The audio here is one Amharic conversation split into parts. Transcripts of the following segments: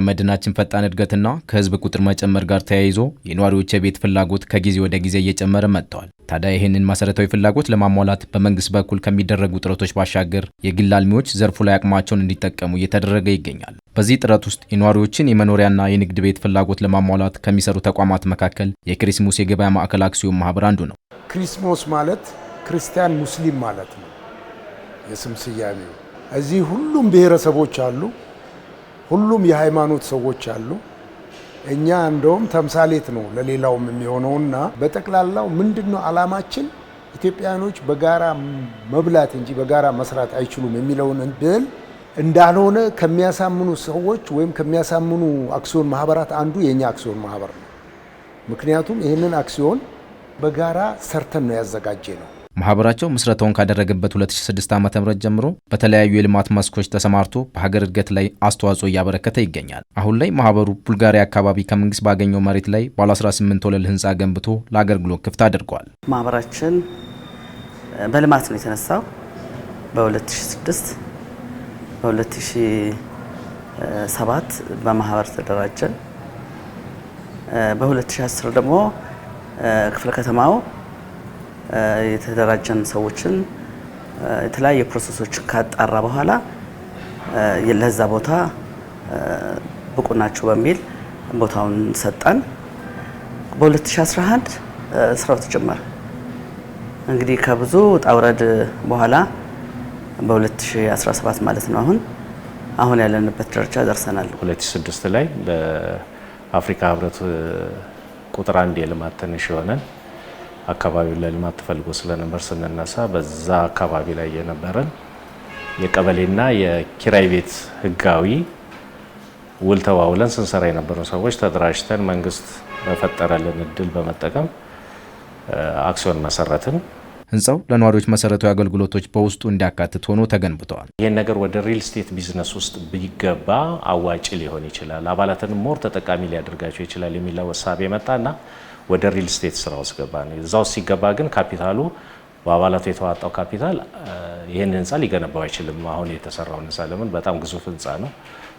ከመዲናችን ፈጣን እድገትና ከህዝብ ቁጥር መጨመር ጋር ተያይዞ የነዋሪዎች የቤት ፍላጎት ከጊዜ ወደ ጊዜ እየጨመረ መጥተዋል። ታዲያ ይህንን መሰረታዊ ፍላጎት ለማሟላት በመንግስት በኩል ከሚደረጉ ጥረቶች ባሻገር የግል አልሚዎች ዘርፉ ላይ አቅማቸውን እንዲጠቀሙ እየተደረገ ይገኛል። በዚህ ጥረት ውስጥ የነዋሪዎችን የመኖሪያና የንግድ ቤት ፍላጎት ለማሟላት ከሚሰሩ ተቋማት መካከል የክሪስሙስ የገበያ ማዕከል አክሲዮን ማህበር አንዱ ነው። ክሪስሞስ ማለት ክርስቲያን ሙስሊም ማለት ነው የስም ስያሜው። እዚህ ሁሉም ብሔረሰቦች አሉ። ሁሉም የሃይማኖት ሰዎች አሉ። እኛ እንደውም ተምሳሌት ነው ለሌላውም የሚሆነውና በጠቅላላው ምንድን ነው ዓላማችን ኢትዮጵያኖች በጋራ መብላት እንጂ በጋራ መስራት አይችሉም የሚለውን ድል እንዳልሆነ ከሚያሳምኑ ሰዎች ወይም ከሚያሳምኑ አክሲዮን ማህበራት አንዱ የእኛ አክሲዮን ማህበር ነው። ምክንያቱም ይህንን አክሲዮን በጋራ ሰርተን ነው ያዘጋጀ ነው። ማህበራቸው ምስረታውን ካደረገበት 2006 ም ጀምሮ በተለያዩ የልማት መስኮች ተሰማርቶ በሀገር እድገት ላይ አስተዋጽኦ እያበረከተ ይገኛል። አሁን ላይ ማህበሩ ቡልጋሪያ አካባቢ ከመንግስት ባገኘው መሬት ላይ ባለ 18 ወለል ህንፃ ገንብቶ ለአገልግሎት ክፍት አድርጓል። ማህበራችን በልማት ነው የተነሳው። በ2006 በ2007 በማህበር ተደራጀ። በ2010 ደግሞ ክፍለ ከተማው የተደራጀን ሰዎችን የተለያየ ፕሮሰሶችን ካጣራ በኋላ ለዛ ቦታ ብቁ ናቸው በሚል ቦታውን ሰጠን። በ2011 ስራው ተጀመረ። እንግዲህ ከብዙ ውጣ ውረድ በኋላ በ2017 ማለት ነው አሁን አሁን ያለንበት ደረጃ ደርሰናል። 2006 ላይ በአፍሪካ ህብረት ቁጥር አንድ የልማት ትንሽ የሆነን አካባቢውን ለልማት ፈልጎ ስለነበር ስንነሳ በዛ አካባቢ ላይ የነበረን የቀበሌና የኪራይ ቤት ህጋዊ ውል ተዋውለን ስንሰራ የነበረን ሰዎች ተደራጅተን መንግስት በፈጠረልን እድል በመጠቀም አክሲዮን መሰረትን። ህንፃው ለነዋሪዎች መሰረታዊ አገልግሎቶች በውስጡ እንዲያካትት ሆኖ ተገንብተዋል። ይህን ነገር ወደ ሪል ስቴት ቢዝነስ ውስጥ ቢገባ አዋጭ ሊሆን ይችላል፣ አባላትን ሞር ተጠቃሚ ሊያደርጋቸው ይችላል የሚለው እሳቤ መጣና ወደ ሪል ስቴት ስራ ውስጥ ገባ። እዛ ውስጥ ሲገባ ግን ካፒታሉ በአባላቱ የተዋጣው ካፒታል ይህን ህንፃ ሊገነባው አይችልም። አሁን የተሰራውን ህንፃ ለምን በጣም ግዙፍ ህንፃ ነው።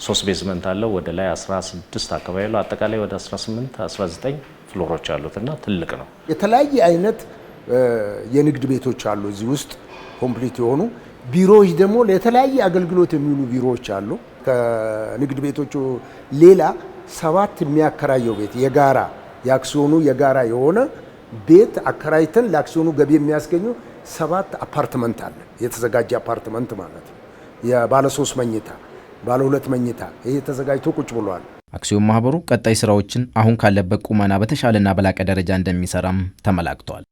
ሶስት ቤዝመንት አለው ወደ ላይ 16 አካባቢ ያለው አጠቃላይ ወደ 18 19 ፍሎሮች አሉት እና ትልቅ ነው። የተለያየ አይነት የንግድ ቤቶች አሉ እዚህ ውስጥ ኮምፕሊት የሆኑ ቢሮዎች ደግሞ ለተለያየ አገልግሎት የሚውሉ ቢሮዎች አሉ። ከንግድ ቤቶቹ ሌላ ሰባት የሚያከራየው ቤት የጋራ የአክሲዮኑ የጋራ የሆነ ቤት አከራይተን ለአክሲዮኑ ገቢ የሚያስገኙ ሰባት አፓርትመንት አለ። የተዘጋጀ አፓርትመንት ማለት ነው። የባለ ሶስት መኝታ፣ ባለ ሁለት መኝታ ይሄ ተዘጋጅቶ ቁጭ ብሏል። አክሲዮን ማህበሩ ቀጣይ ስራዎችን አሁን ካለበት ቁመና በተሻለና በላቀ ደረጃ እንደሚሰራም ተመላክቷል።